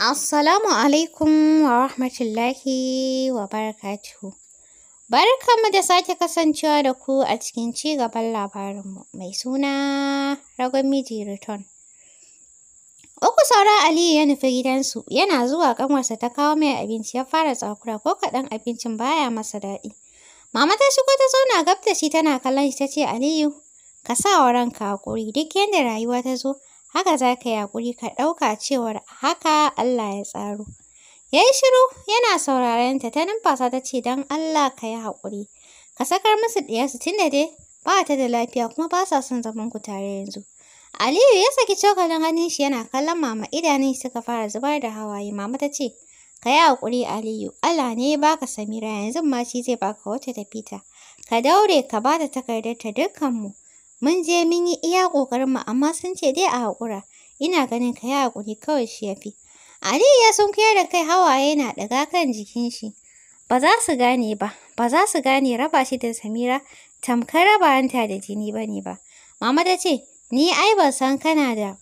Assalamu alaikum wa rahmatullahi wa barakatuhu. Barkanmu da sake kasancewa da ku a cikin ci gaban labarinmu mai suna Ragon Miji Return. Uku saura Aliyu ya nufi gidansu yana zuwa ƙanwarsa ta kawo mai abinci ya fara tsakura ko kaɗan abincin baya masa daɗi. Mama ta shigo ta zauna gab da shi tana kallon shi ta ce Aliyu ka sa wa ranka haƙuri duk yadda rayuwa ta zo. haka za ka yi hakuri ka ɗauka cewar haka Allah ya tsaro. Ya yi shiru yana sauraron ta ta numfasa ta ce don Allah ka yi haƙuri. Ka sakar musu ɗiyarsu da dai ba ta da lafiya kuma ba sa son zaman ku tare yanzu. Aliyu ya saki cokalin hannun shi yana kallon mama idanun suka fara zubar da hawaye. Mama ta ce, Ka yi haƙuri Aliyu, Allah ne ya baka Samira yanzu ma shi zai baka wata tafita. Ka daure ka ba ta takardar ta dukkanmu. Mun je mun yi iya ƙoƙarinmu amma sun ce dai a haƙura. Ina ganin ka yi haƙuri kawai shi ya fi. Aliyu ya sunkuyar da kai hawaye na ɗaga kan jikin shi. Ba za su gane ba, ba za su gane raba shi da Samira tamkar raba hanta da jini ba ne ba. Mama ta ce, ni ai ban san kana da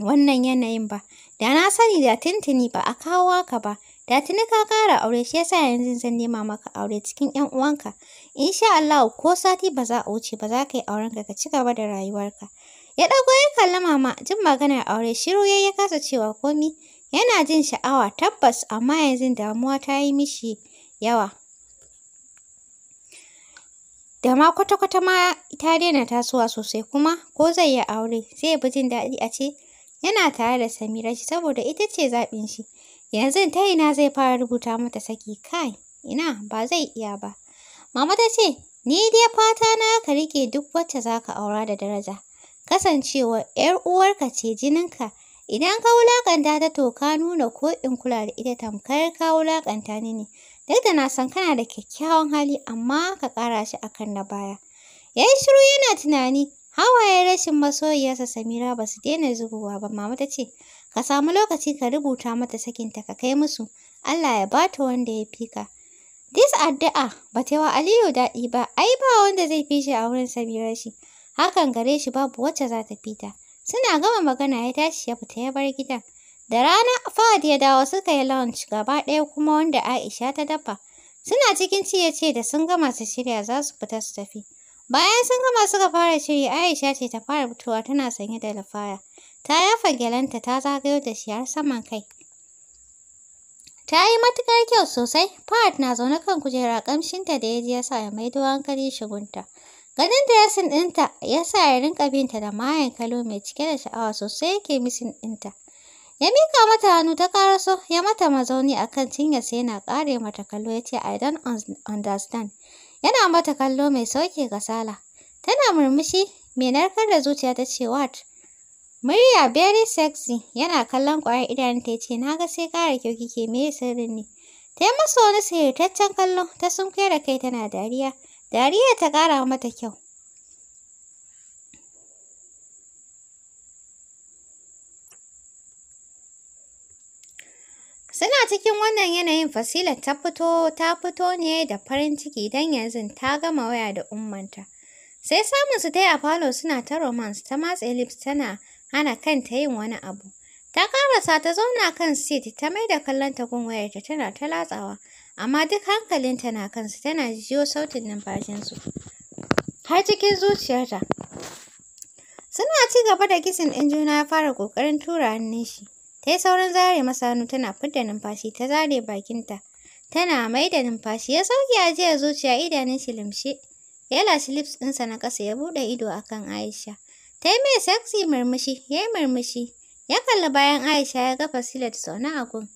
wannan yanayin ba, da na sani da tuntuni ba a kawo ka ba. Da tuni ka kara aure shi yasa yanzu zan nema maka aure cikin 'yan uwanka. Insha Allah ko sati ba za a wuce ba za ka yi aurenka ka ci gaba da rayuwarka. Ya ɗago ya kalli mama jin maganar aure shiru ya ya kasa cewa komi. Yana jin sha'awa tabbas amma yanzu damuwa ta yi mishi yawa. Da ma kwata-kwata ma ta daina tasowa sosai kuma ko zai yi aure zai bi jin daɗi a ce yana tare da Samira shi saboda ita ce zaɓin shi. Yanzu ta ina zai fara rubuta mata saki kai, ina ba zai iya ba. Mama ta ce, ni dai fata na ka rike duk wacce zaka aura da daraja. Kasancewa! 'yar uwarka ce jininka, idan ka wulakanta ta to ka nuna ko in kula da ita tamkar ka wulakanta ni ne. Duk da na san kana da kyakkyawan hali amma ka kara shi akan na baya. yayi shiru yana tunani, Hawaye rashin masoyiyarsa Samira ba su daina zubowa ba, mama ta ce, Ka samu lokaci ka rubuta mata sakinta ka kai musu. Allah ya ba ta wanda ya fi ka. Dis addu'a ba ta yi wa Aliyu daɗi ba, ai ba wanda zai fi shi a wurin Samira shi. Hakan gare shi babu wacce za ta fita. Suna gama magana ya tashi ya fita ya bar gidan. Da rana Fahad ya dawo suka yi lunch gaba ɗaya kuma wanda Aisha ta dafa. Suna cikin ciye-ciye da sun gama su shirya za su fita su tafi. Bayan sun gama suka fara shiri Aisha ce ta fara fitowa tana sanye da lafaya. Ta yafa gyalenta ta zagayo da shi har saman kai. Ta yi matuƙar kyau sosai, Fahad na zaune kan kujera ƙamshinta da ya ji ya sa ya maido hankali shigunta. Ganin diresin ɗinta ya sa ya rinƙa binta da mayan kalo mai cike da sha'awa sosai yake misin ɗinta. Ya mika mata hannu ta karaso, ya mata mazauni a kan cinyarsa yana kare mata kallo ya ce, I don't understand. Yana mata kallo mai sauke kasala. Tana murmushi, mai narkar da zuciya ta ce, What? Murya very sexy yana kallon ƙwayar idanunta ya ce na ga sai ƙara kyau kike me sirrin ne. Ta yi masa wani sihirtaccen kallo ta sunkuyar da kai tana dariya. Dariya ta ƙara mata kyau. Suna cikin wannan yanayin Fasila ta fito ta fito ne da farin ciki don yanzu ta gama waya da ummanta. Sai samun su ta yi a falo suna ta romance ta matse lips tana hana kanta yin wani abu. Ta karasa ta zauna kan sit ta mai da kallon gun wayarta tana ta latsawa, amma duk hankalinta na kansu tana jiyo sautin numfashinsu. Har cikin zuciyarta. Suna ci gaba da kisin ɗin juna ya fara ƙoƙarin tura hannun shi. Ta yi saurin zare masa hannu tana fidda numfashi ta zare bakinta. Tana mai da numfashi ya sauke ajiyar zuciya idanun shi limshe. Ya lashe lips ɗinsa na ƙasa ya buɗe ido akan Aisha. Ta yi mai sexy murmushi, ya yi murmushi. Ya kalli bayan Aisha ya ga Fasilat sauna a gun.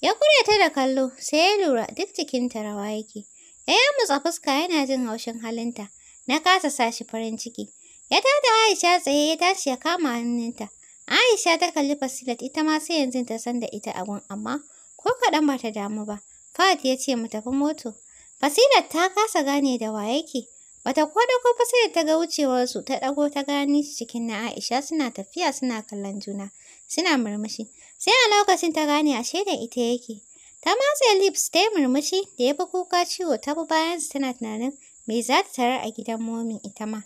Ya kure ta da kallo, sai ya lura duk ta rawa yake. Ya mutsa fuska yana jin haushin halinta. Na kasa sa shi farin ciki. Ya tada Aisha tsaye ya tashi ya kama hannunta. Aisha ta kalli Fasilat ita ma sai yanzu ta san da ita a gun amma ko kaɗan ba ta damu ba. Fahad ya ce mu tafi moto. Fasilat ta kasa gane da wa yake. Wata ko da ko sai ta ga wucewarsu ta ɗago ta gani shi cikin na Aisha suna tafiya suna kallon juna, suna murmushi. Sai a lokacin ta gane ashe da ita yake. Ta matse lips ta yi murmushi da ya fi kuka ciwo ta bi bayansu tana tunanin me za ta tarar a gidan momin ita ma.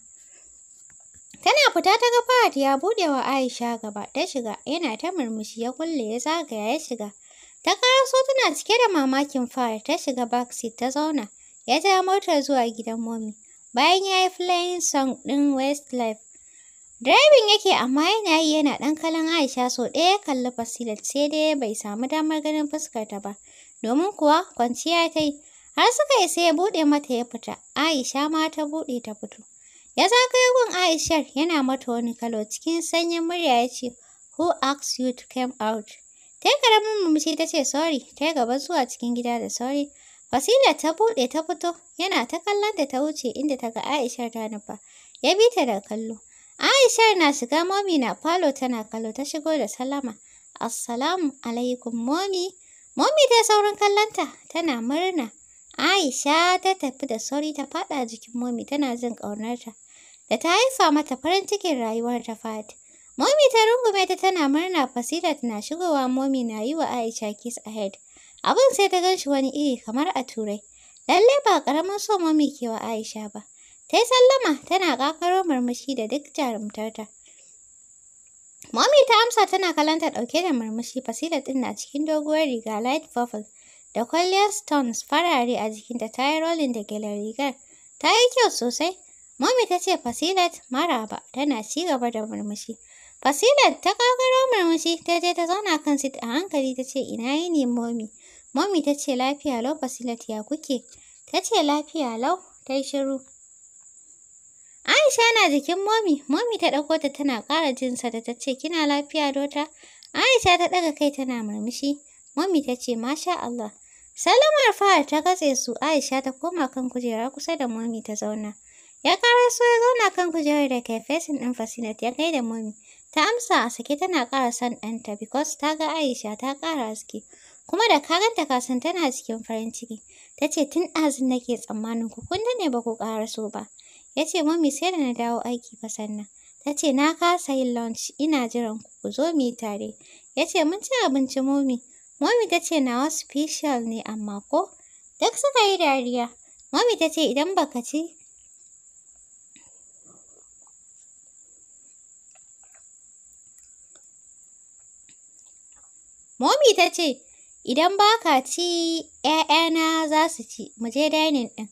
Tana fita ta ga Fahad ya buɗe wa Aisha gaba ta shiga yana ta murmushi ya kulle ya zagaya ya shiga. Ta karaso tana cike da mamakin Fahad ta shiga backseat ta zauna ya ja motar zuwa gidan momin. bayan ya yi flying song ɗin Westlife. Driving yake amma yana yi yana ɗan kalan Aisha sau ɗaya ya kalli Fasilat sai dai bai samu damar ganin fuskarta ba, domin kuwa kwanciya ta yi. Har suka yi sai ya buɗe mata ya fita, Aisha ma ta buɗe ta fito. Ya zagaye gun Aishar yana mata wani kalo cikin sanyin murya ya ce, Who asked you to come out? Ta yi ƙaramin mamaci ta ce, Sorry, ta yi gaba zuwa cikin gida da sauri. Wasila ta buɗe ta fito, yana ta kallon da ta wuce inda ta ga Aisha ta nufa. Ya bi ta da kallo. Aisha na shiga momi na falo tana kallo ta shigo da salama. Assalamu alaikum momi. Momi ta saurin kallonta tana murna. Aisha ta tafi da sauri ta faɗa jikin momi tana jin ƙaunarta. Da ta haifa mata farin cikin rayuwar ta fati. Momi ta rungume ta tana murna Fasila na shigowa momi na yi wa Aisha kiss a head. Abin sai ta ganshi wani iri kamar a turai. Lallai ba ƙaramin so mami ke wa Aisha ba. Ta yi sallama tana kakaro murmushi da duk jarumtarta. Mami ta amsa tana kalanta ɗauke da murmushi fasila ɗin na cikin doguwar riga light purple da kwalliyar stones farare a jikinta ta yi rolling da gelar rigar. Ta yi kyau sosai. Mami ta ce Fasilat maraba tana ci gaba da murmushi. Fasilat ta kakaro murmushi ta je ta zauna kan sit a hankali ta ce ina yini Mami. Mami ta ce lafiya lau fasilat ya kuke? Ta ce lafiya lau ta yi shiru. Aisha na jikin mami, mami ta ɗauko ta tana ƙara jinsa da ta ce kina lafiya dota? Aisha ta ɗaga kai tana murmushi. Mami ta ce masha Allah. Salamar fara ta katse su Aisha ta koma kan kujera kusa da mami ta zauna. Ya karaso ya zauna kan kujerar da kai fesin ɗin Fasinat ya kai da mami. Ta amsa a sake tana ƙara son ɗanta because ta ga Aisha ta ƙara haske. kuma da ka ganta kasan tana cikin farin ciki. Ta ce tun ɗazun nake tsammanin ku kun ne ba ku so ba. Ya ce mami sai da na dawo aiki fa sannan. Ta ce na kasa yin lunch ina jiran ku ku zo mu yi tare. Ya ce mun ci abinci mami. Mami ta ce nawa special ne amma ko? Duk suka yi dariya. Mami ta ce idan baka ci Mommy, ta ce, Idan ba ka ci, ‘ya'yana za su ci, mu je dainin ɗin.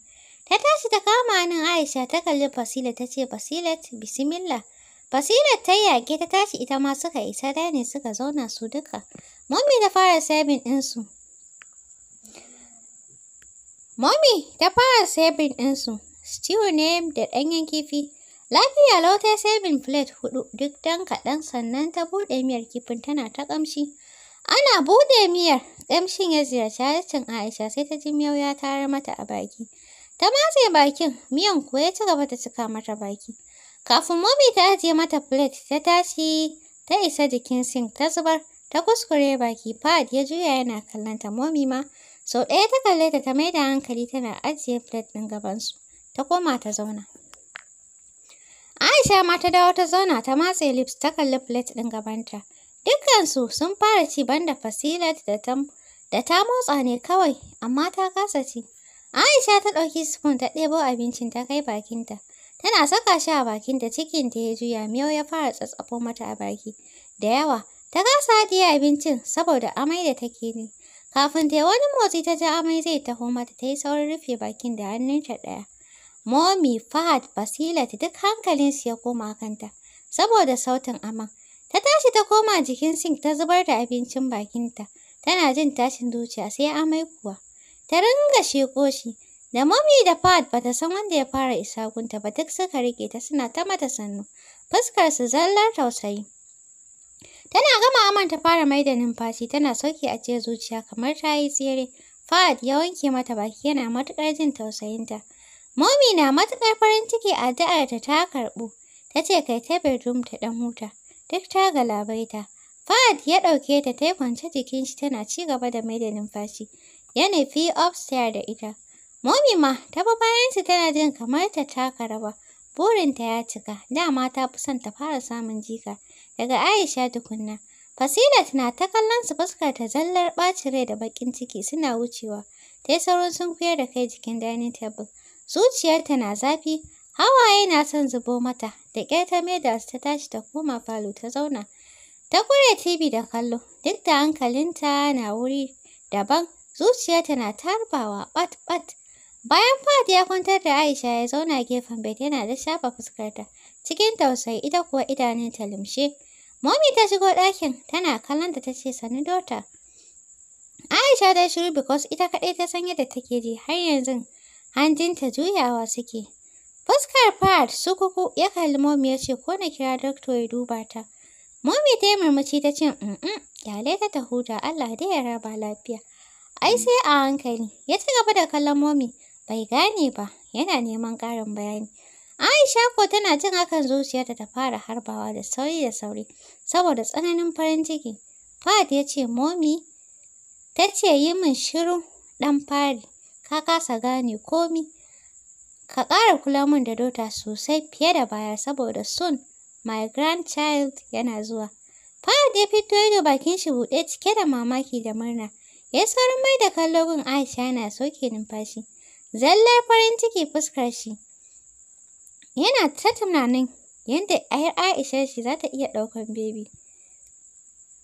Ta tashi ta kama nan Aisha ta kalli Fasilat ta ce, Fasilat, bismillah. Fasilat ta yaƙe ta tashi ita ma suka isa dainin suka zauna su duka. Mummy ta fara sabin ɗinsu. Mummy ta fara sabin ɗinsu. Stew ne da ɗanyen kifi. Lafiya lau ta sabin plate huɗu duk dan kaɗan sannan ta buɗe miyar kifin tana ta ƙamshi. Ana bude miyar, ƙamshin ya ziyarci harshen Aisha sai ta ji miyau ya tarar mata a baki. Ta matse bakin, miyan kuwa ya ci gaba ta cika mata baki. Kafin mami ta ajiye mata plate, ta tashi ta isa jikin sink ta zubar, ta kuskure baki. pad ya juya yana kallon ta mami ma. Sau ɗaya ta kalle ta ta maida hankali tana ajiye plate ɗin gabansu. Ta koma ta zauna. Aisha ma ta dawo ta zauna ta matse lips ta kalli plate ɗin gabanta. Dukkansu sun fara ci banda Fasilat da ta da ta motsa ne kawai, amma ta kasa ci. Aisha ta ɗauki spoon ta ɗebo abincin ta kai bakinta. Tana saka shi a bakinta ta ya juya miyau ya fara tsatsafo mata a baki. Da yawa, ta kasa haɗiye abincin saboda amai da take ne. Kafin ta yi wani motsi ta ji amai zai taho mata ta yi saurin rufe bakin da hannun hannunta ɗaya. Momi, Fahad, basilat duk hankalinsu ya koma kanta saboda sautin aman. Ta tashi ta koma jikin sink ta zubar da abincin bakinta. Tana jin tashin zuciya sai amai kuwa. Ta ringa shekoshi, shi. Da mami da pad ba ta san wanda ya fara isa gunta ba duk suka rike ta suna ta mata sannu. Fuskar su zallar tausayi. Tana gama aman ta fara mai da numfashi tana sauke a ce zuciya kamar ta yi tsere. fad ya wanke mata baki yana matuƙar jin tausayinta. Mami na matuƙar farin ciki a ta ta karɓu. Ta ce kai ta bedroom ta ɗan huta. duk ta galabaita. Fahad ya ɗauke ta ta yi kwance jikin shi tana ci gaba da mai da numfashi. Ya nufi upstairs da ita. Momi ma ta bi bayansu tana jin kamar ta taka raba. Burinta ya cika, dama ta fi son ta fara samun jika. Daga Aisha tukunna. Fasilat na ta kallon su fuskar ta zallar ɓaci rai da baƙin ciki suna wucewa. Ta yi sun koyar da kai jikin dining table. Zuciyarta na zafi, Hawaye na son zubo mata, da ƙyar ta maida ta tashi ta koma falo ta zauna. Ta kure TV da kallo, duk da hankalinta na wuri daban, zuciyarta na tarbawa ɓat-ɓat. Bayan fadi ya kwantar da Aisha ya zauna gefen bed yana da shafa fuskarta, cikin tausayi ita kuwa idanunta limshe. Mami ta shigo ɗakin tana kallon ta ce sani dota. Aisha ta shiru because ita kaɗai ta san yadda take ji har yanzu hanjinta juyawa suke. Fuskar Fahad sukuku ya kalli Momi ya ce ko na kira doctor ya duba ta. Momi ta yi murmushi ta ce mm kyale ta ta huta Allah dai ya raba lafiya. Ai sai a hankali ya ci gaba da kallon Momi bai gane ba yana neman ƙarin bayani. Aisha ko tana jin hakan zuciyarta ta fara harbawa da sauri da sauri saboda tsananin farin ciki. Fahad ya ce momi ta ce yi min shiru ɗan fari ka kasa gane komi Ka ƙara kula min da Daughter sosai fiye da baya saboda soon my grandchild yana zuwa. Fahad ya fito ido bakin shi buɗe cike da mamaki da murna. Ya saurin mai da kallo gun Aisha yana soke numfashi. Zallar farin ciki fuskar shi. Yana ta tunanin yadda ‘yar Aisha shi za ta iya ɗaukar bebi.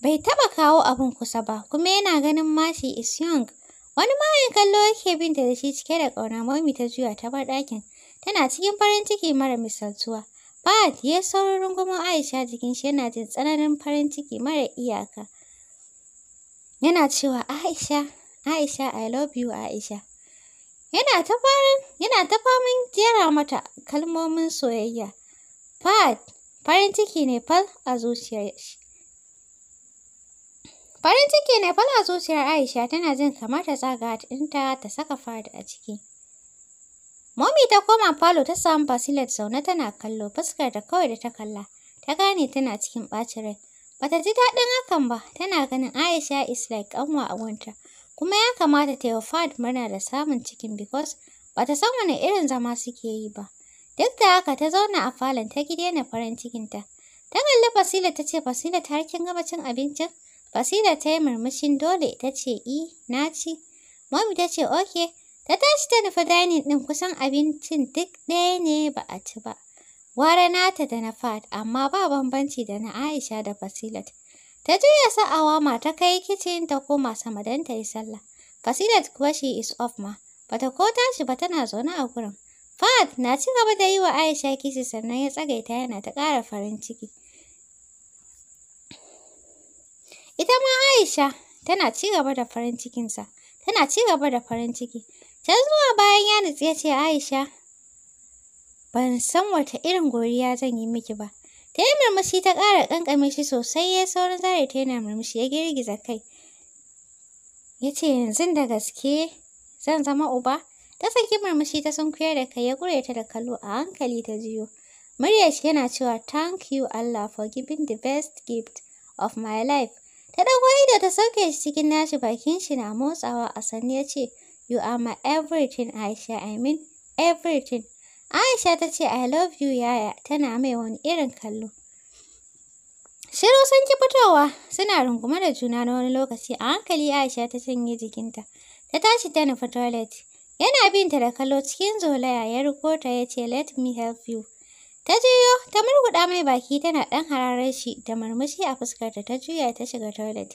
Bai taɓa kawo abin kusa ba, kuma yana ganin mashi is young. Wani mayan kallo yake binta da shi cike da ƙauna mami ta juya ta bar ɗakin. Tana cikin farin ciki mara misaltuwa. Fahad ya saurin rungumar Aisha jikin shi yana jin tsananin farin ciki mara iyaka. Yana cewa Aisha, Aisha I love you Aisha. Yana ta farin, famin jera mata kalmomin soyayya. Fahad farin ciki ne fal a zuciyar shi. Farin ciki na fala zuciyar Aisha tana jin kamar ta tsaga ɗinta ta saka fada a ciki. Momi ta koma falo ta samu basilet zaune tana kallo fuskar da kawai da ta kalla. Ta gane tana cikin ɓacin rai. Bata ji daɗin hakan ba, tana ganin Aisha is like ƙanwa a wanta. Kuma ya kamata ta yi wa Fahad murna da samun cikin because bata san wani irin zama suke yi ba. Duk da haka ta zauna a falon ta na farin cikinta. Ta kalli basilet ta ce basilet ta har kin gama abincin? Kasida ta yi murmushin dole ta ce i na ci. Mami ta ce oke. Ta tashi ta nufi dainin ɗin kusan abincin duk ɗaya ne ba a ci ba. wara nata da na Fat amma ba bambanci da na Aisha da Fasilat. Ta juya sa'awa ma ta kai kicin ta koma sama don ta yi sallah. Fasilat kuwa shi is off ma. Bata ko tashi ba tana zaune a gurin. Fat na ci gaba da yi wa Aisha kisi sannan ya tsagaita yana ta ƙara farin ciki. Ita ma Aisha tana ci gaba da farin cikinsa, tana ci gaba da farin ciki. Can zuwa bayan ya nutsu ya ce Aisha, ban san wata irin godiya zan yi miki ba. Ta yi murmushi ta ƙara ƙanƙame shi sosai ya saurin zare ta yana murmushi ya girgiza kai. Ya ce yanzu da gaske zan zama uba? Ta saki murmushi ta sunkuyar da kai ya ƙure ta da kallo a hankali ta jiyo. Muryar shi yana cewa thank you Allah for giving the best gift of my life. Ta ɗago ido ta sauke shi cikin nashi bakin shi na motsawa a sannu ya ce, You are my everything Aisha, I mean everything. Aisha ta ce, I love you yaya, tana mai wani irin kallo. Shiru sun ki fitowa, suna rungume da juna na wani lokaci a hankali Aisha ta canye jikinta. Ta tashi ta nufi toilet. Yana binta da kallo cikin zolaya ya riko ta ya ce, Let me help you. Ta juyo, ta murguɗa mai baki tana ɗan hararar shi da murmushi a fuskarta ta juya ta shiga toilet.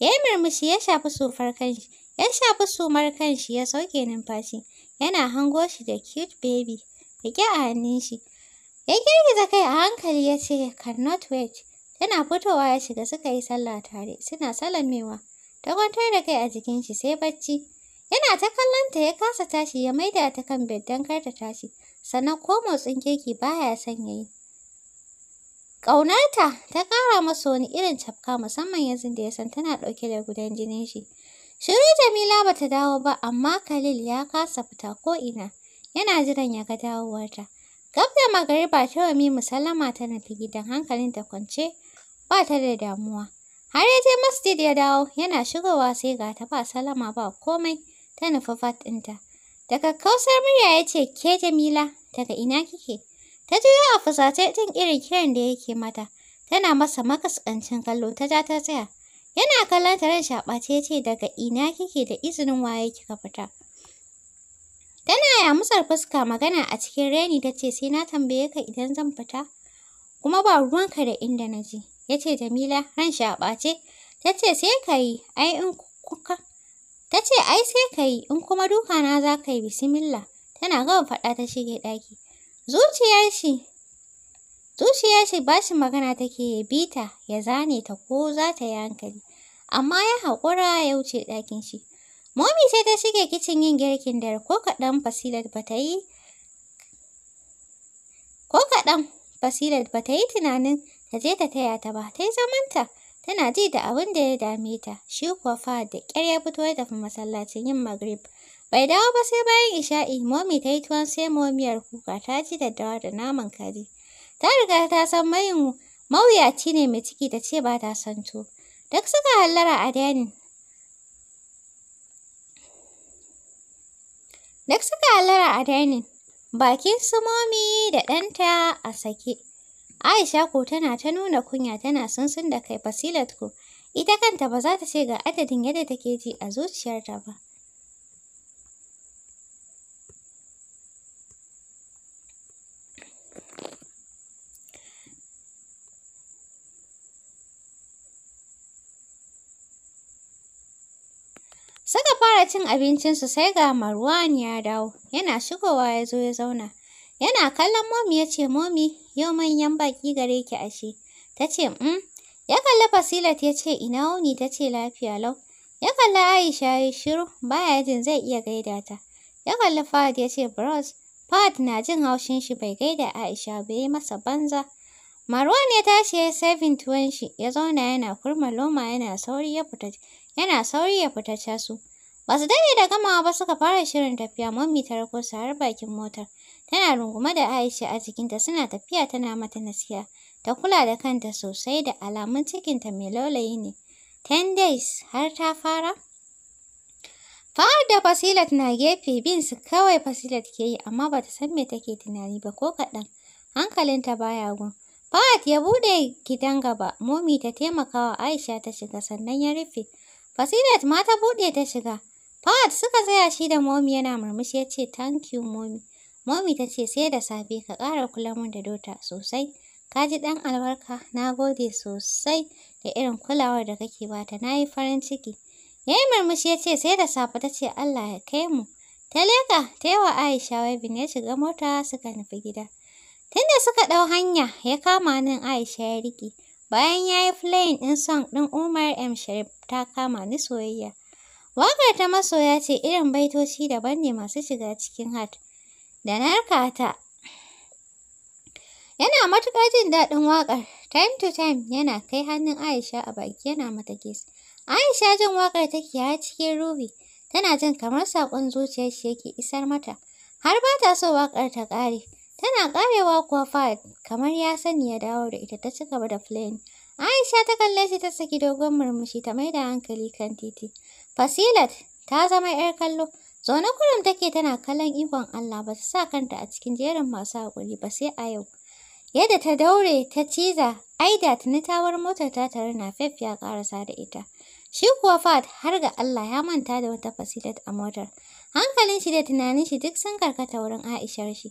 Ya yi murmushi ya shafi sufar kanshi, ya shafi sumar kanshi ya sauke numfashi. Yana hango shi da cute baby, riƙe a hannun shi. Ya girgiza kai a hankali ya ce, cannot wait. Tana fitowa ya shiga suka yi sallah tare, suna salamewa. Ta kwantar da kai a jikin shi sai bacci. Yana ta kallon ta ya kasa tashi ya maida ta kan bed don kar ta tashi. sannan ko motsin keke baya son ya yi. Ƙaunarta ta ƙara masa wani irin cafka musamman yanzu da ya san tana ɗauke da gudan jinin shi. Shiru Jamila bata dawo ba amma Khalil ya kasa fita ko'ina, yana jiran ya ga dawowarta. Gab da magariba ta wami musallama ta nufi gidan hankalinta kwance ba ta da damuwa. Har ya je masjid ya dawo yana shigowa sai ga ta ba salama ba komai ta nufi fat ɗinta. Daga kausar murya ya ce, Ke Jamila, daga ina kike? Ta juyo a fusace jin irin kiran da yake mata. Tana masa makaskancin kallo ta ja ta tsaya. Yana kallon ta ran shaɓace ya ce, Daga ina kike da izinin waye kika fita? Tana yamusar fuska magana a cikin reni ta ce, Sai na tambaye ka idan zan fita? Kuma ba ruwanka da inda na je. Ya ce, Jamila, ran shaɓace. Ta ce, Sai ka yi, ai in kuka. Ta ce, ai sai ka yi, in kuma duka na za ka yi bisimilla. Tana gama faɗa ta shige ɗaki. Zuciyar shi, zuciyar ba shi magana take ya bi ta, ya zane ta ko za ta yi hankali. Amma ya haƙura ya wuce ɗakin shi. Momi sai ta shige kicin yin girkin dare ko kaɗan fasilar ba ta yi ko kaɗan fasilar ba ta yi tunanin ta je ta taya ta ba, ta yi zamanta. Tana ji da abin da ya dame ta, shi kuwa fa da ƙyar ya fito ya tafi masallacin yin magrib. Bai dawo ba sai bayan isha'i, momi ta yi tuwon sai momiyar kuka ta ji daddawa da naman kare. Ta riga ta san mayin mawuyaci ne mai ciki ta ce ba ta san to. Duk suka hallara a dainin. Duk suka hallara a dani Bakin su momi da ɗanta a sake. Aisha ko tana ta nuna kunya tana sunsun da kai Fasilat ko ita kanta ba za ta ce ga adadin yadda take ji a zuciyarta ba. Suka fara cin abincinsu sai ga Marwan ya dawo, yana shigowa ya zo ya zauna. Yana kallon Momi ya ce, Momi, yau manyan baki gare ki ashe. Ta ce, mm. Ya kalli Fasilat ya ce, ina wuni ta ce lafiya lau. Ya kalli Aisha ya shiru, baya jin zai iya gaida ta. Ya kalli Fad ya ce, Bros, Fahad na jin haushin shi bai gaida Aisha bai yi masa banza. Marwan ya tashi ya saifin tuwon shi, ya zauna yana kurma loma yana sauri ya fita yana sauri ya fita casu. Ba su dare da gamawa ba suka fara shirin tafiya, Mummy ta rako su har bakin motar. Tana rungume da Aisha a jikinta suna tafiya tana mata nasiha. Ta kula da kanta sosai da alamun cikinta mai laulayi ne. Ten days har ta fara? Fahad da Fasilat na gefe bin su kawai Fasilat ke yi amma bata san me take tunani ba ko kaɗan. Hankalinta baya gun. Fahad ya bude gidan gaba, Momi ta taimakawa Aisha ta shiga sannan ya rufe. Fasilat ma ta bude ta shiga. Fahad suka tsaya shi da Momi yana murmushi ya ce thank you Momi. Momi ta ce sai da safe ka ƙara kula mun da dota sosai. Ka ji ɗan albarka, na gode sosai da irin kulawar da kake bata, na yi farin ciki. Ya yi murmushi ya ce sai da safe ta ce Allah ya kai mu. Ta leƙa ta yi wa Aisha wabin ya shiga mota suka nufi gida. Tunda suka ɗau hanya ya kama nan Aisha ya riƙe. Bayan ya yi filayin ɗin son ɗin Umar M. Sharif ta kama ni soyayya. Waƙar ta masoya ce irin baitoci daban ne masu shiga cikin hat. da narkata. Yana matuƙar jin daɗin waƙar. Time to time yana kai hannun Aisha a baki yana mata kiss. Aisha jin waƙar take ya cikin ruhi. Tana jin kamar saƙon zuciyar shi yake isar mata. Har ba ta so waƙar ta ƙare. Tana ƙarewa kuwa fad kamar ya sani ya dawo da ita ta ci gaba da playing. Aisha ta kalle shi ta saki dogon murmushi ta maida hankali kan titi. Fasilat ta zama 'yar kallo. Zaune kurum take tana kallon ikon Allah ba ta sa kanta a cikin jerin masu haƙuri ba sai a yau. Yadda ta daure ta ciza, ai da tuni tawar motar ta tare na fef ya ƙarasa da ita. Shi kuwa Fat har ga Allah ya manta da wata fasilat a motar. Hankalin shi da tunanin shi duk sun karkata wurin Aishar shi.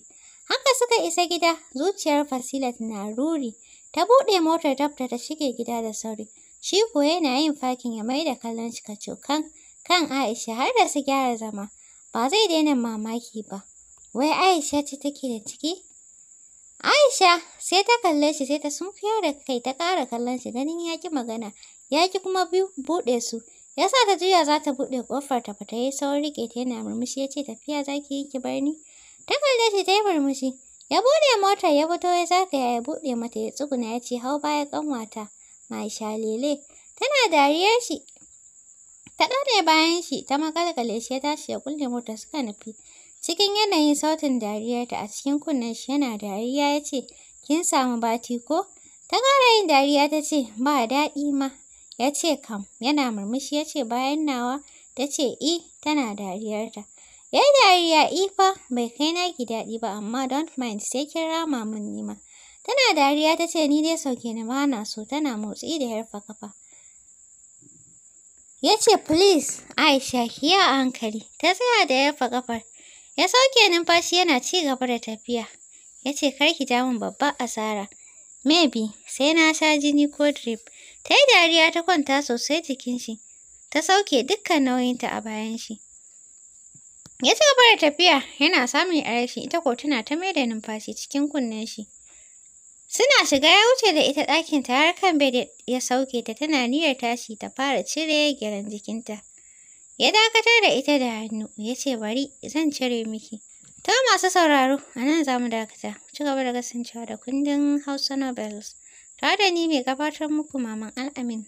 Haka suka isa gida, zuciyar fasilat na ruri. Ta buɗe motar dabta ta shige gida da sauri. Shi kuwa yana yin fakin ya mai da kallon shi kacokan kan Aisha har da su gyara zama. ba zai daina mamaki ba. Wai Aisha ce take da ciki? Aisha sai ta kalle shi sai ta sunkuyar da kai ta ƙara kallon shi ganin ya ki magana, ya ki kuma buɗe su. Ya sa ta juya za ta buɗe ƙofar ta fita yi saurin riƙe ta yana murmushi ya ce tafiya za ki yi ki bar ni. Ta kalle shi ta yi murmushi. Ya buɗe mota ya fito ya zagaya ya buɗe mata ya tsuguna ya ce hau baya ƙanwata. Maisha lele. Tana dariyar shi Ta ɗaure bayan shi, ta makalkale shi ya tashi ya kulle mota suka nufi. Cikin yanayin sautin dariyarta a cikin kunnen shi yana dariya ya ce, Kin samu bati ko? Ta ƙara yin dariya ta ce, Ba daɗi ma. Ya ce kam, yana murmushi ya ce bayan nawa, ta ce i eh, tana dariyarta. Ya yi dariya eh fa bai kai na ki daɗi ba amma don't mind sai kin rama mun nima. Tana dariya ta ce ni dai sauke na ba na so tana motsi da yarfa kafa. Ya ce, Please, Aisha, ki a hankali. Ta tsaya da ya rufe ƙafar. Ya sauke numfashi yana ci gaba da tafiya. Ya ce, Kar ki ja min babbar asara. Maybe, sai na sha jini ko drip. Ta yi dariya ta kwanta sosai jikin shi. Ta sauke dukkan nauyinta a bayan shi. Ya ci gaba da tafiya, yana samun arashi, ita ko tana ta maida numfashi cikin kunnen shi. Suna shiga ya wuce da ita ɗakinta har kan bed ya sauke ta tana niyyar tashi ta fara cire gyaran jikinta. Ya dakatar da ita da hannu ya ce bari zan cire miki. Ta masu sauraro a nan za mu dakata. Ci gaba da kasancewa da kundin Hausa Novels. Tare da ni mai gabatar muku Maman Al'amin.